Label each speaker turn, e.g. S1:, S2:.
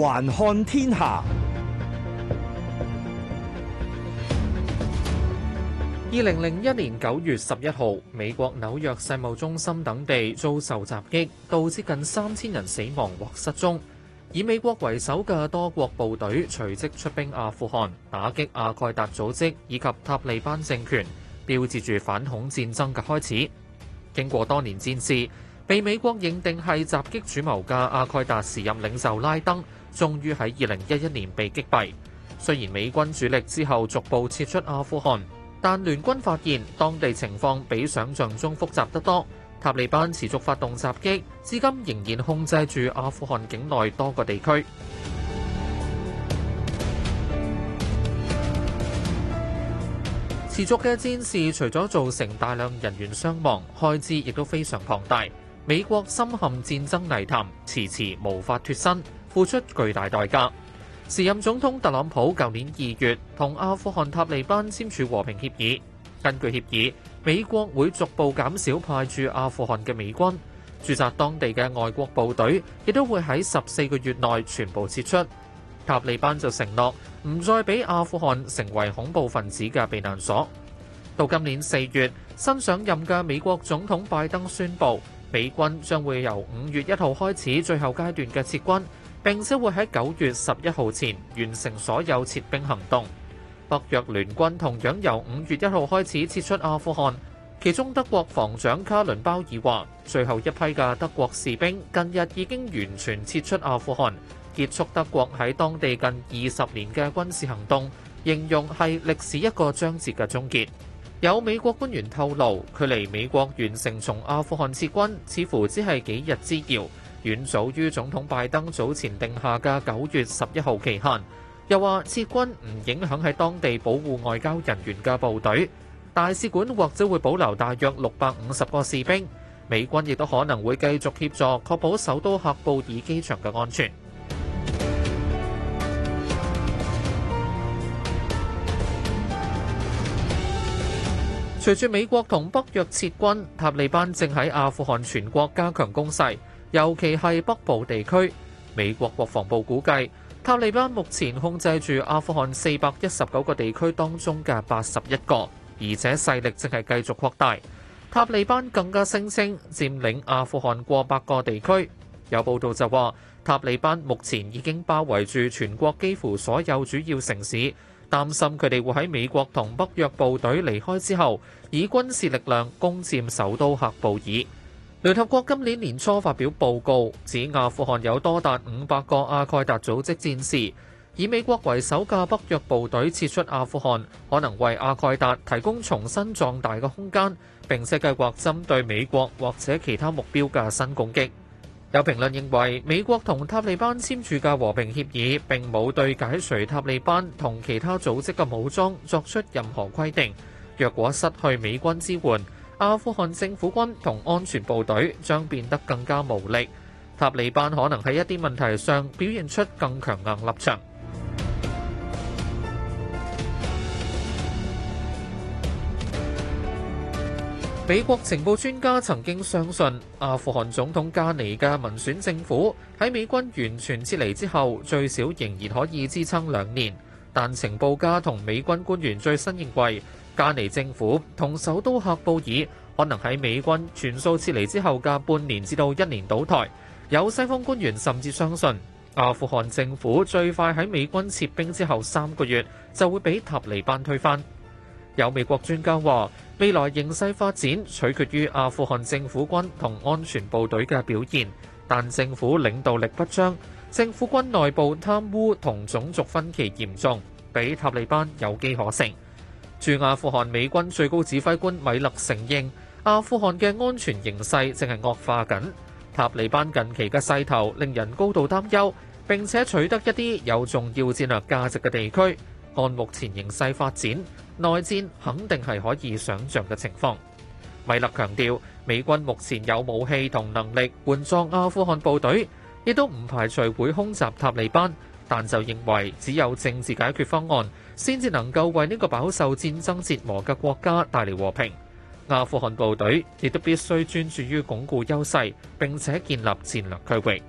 S1: 環看天下。二零零一年九月十一號，美國紐約世貿中心等地遭受襲擊，導致近三千人死亡或失蹤。以美國為首嘅多國部隊隨即出兵阿富汗，打擊阿蓋達組織以及塔利班政權，標誌住反恐戰爭嘅開始。經過多年戰事，被美國認定係襲擊主謀嘅阿蓋達時任領袖拉登，終於喺二零一一年被擊斃。雖然美軍主力之後逐步撤出阿富汗，但聯軍發現當地情況比想像中複雜得多。塔利班持續發動襲擊，至今仍然控制住阿富汗境內多個地區。持續嘅戰事除咗造成大量人員傷亡，開支亦都非常龐大。美國深陷戰爭泥潭，遲遲無法脫身。付出巨大代價。時任總統特朗普舊年二月同阿富汗塔利班簽署和平協議，根據協議，美國會逐步減少派駐阿富汗嘅美軍，駐紮當地嘅外國部隊亦都會喺十四個月內全部撤出。塔利班就承諾唔再俾阿富汗成為恐怖分子嘅避難所。到今年四月，新上任嘅美國總統拜登宣布，美軍將會由五月一號開始最後階段嘅撤軍。並且會喺九月十一號前完成所有撤兵行動。北約聯軍同樣由五月一號開始撤出阿富汗，其中德國防長卡倫鮑爾話，最後一批嘅德國士兵近日已經完全撤出阿富汗，結束德國喺當地近二十年嘅軍事行動，形容係歷史一個章節嘅終結。有美國官員透露，距離美國完成從阿富汗撤軍，似乎只係幾日之遙。遠早於總統拜登早前定下嘅九月十一號期限，又話撤軍唔影響喺當地保護外交人員嘅部隊。大使館或者會保留大約六百五十個士兵。美軍亦都可能會繼續協助確保首都喀布爾機場嘅安全。隨住美國同北約撤軍，塔利班正喺阿富汗全國加強攻勢。尤其係北部地區，美國國防部估計，塔利班目前控制住阿富汗四百一十九個地區當中嘅八十一個，而且勢力正係繼續擴大。塔利班更加聲稱佔領阿富汗過百個地區。有報道就話，塔利班目前已經包圍住全國幾乎所有主要城市，擔心佢哋會喺美國同北約部隊離開之後，以軍事力量攻佔首都喀布爾。聯合國今年年初發表報告，指阿富汗有多達五百個阿蓋達組織戰士。以美國為首嘅北約部隊撤出阿富汗，可能為阿蓋達提供重新壯大嘅空間，並且計劃針對美國或者其他目標嘅新攻擊。有評論認為，美國同塔利班簽署嘅和平協議並冇對解除塔利班同其他組織嘅武裝作出任何規定。若果失去美軍支援，阿富汗政府軍同安全部隊將變得更加無力，塔利班可能喺一啲問題上表現出更強硬立場。美國情報專家曾經相信，阿富汗總統加尼嘅民選政府喺美軍完全撤離之後，最少仍然可以支撐兩年，但情報家同美軍官員最新認為，加尼政府同首都喀布爾可能喺美軍全數撤離之後嘅半年至到一年倒台。有西方官員甚至相信，阿富汗政府最快喺美軍撤兵之後三個月就會被塔利班推翻。有美國專家話，未來形勢發展取決於阿富汗政府軍同安全部隊嘅表現，但政府領導力不彰，政府軍內部貪污同種族分歧嚴重，俾塔利班有機可乘。駐阿富汗美軍最高指揮官米勒承認，阿富汗嘅安全形勢正係惡化緊。塔利班近期嘅勢頭令人高度擔憂，並且取得一啲有重要戰略價值嘅地區，按目前形勢發展，內戰肯定係可以想象嘅情況。米勒強調，美軍目前有武器同能力援助阿富汗部隊，亦都唔排除會空襲塔利班。但就認為只有政治解決方案先至能夠為呢個飽受戰爭折磨嘅國家帶嚟和平。阿富汗部隊亦都必須專注於鞏固優勢，並且建立戰略區域。